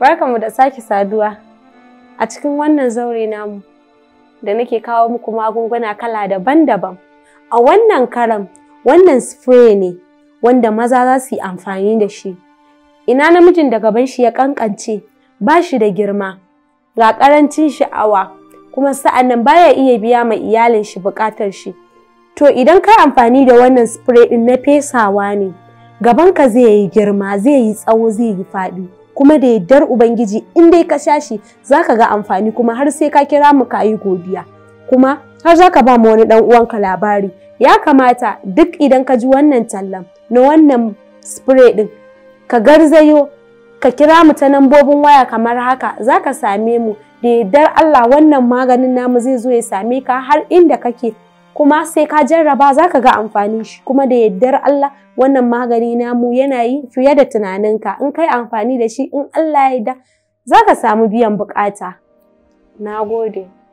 mu da sake saduwa a cikin wannan zaure namu da nake kawo muku magunguna kala daban-daban. A wannan karam wannan spray ne wanda maza za su yi amfani da shi. Ina namijin da gaban shi ya kankance ba shi da girma, ga ƙarancin sha'awa kuma sa'an nan baya iya biya mai iyalin shi buƙatar shi. To idan ka amfani da wannan spray ɗin na fesawa ne, gabanka zai yi girma, zai yi tsawo, zai yi faɗi. kuma da yardar ubangiji in dai ka sha shi za ka ga amfani kuma har sai ka kira mu ka yi godiya kuma har za ka ba mu wani dan uwanka labari ya kamata duk idan ka ji wannan tallan na wannan spray din ka garzayo ka kira mu ta nambobin waya kamar haka za ka same mu da yardar Allah wannan maganin namu zai zo ya same ka har inda kake kuma sai ka jarraba za ka ga amfanin shi kuma da yaddar Allah wannan magani namu yana yi fiye da tunaninka in kai amfani da shi in Allah ya yarda za ka samu biyan bukata. Na gode.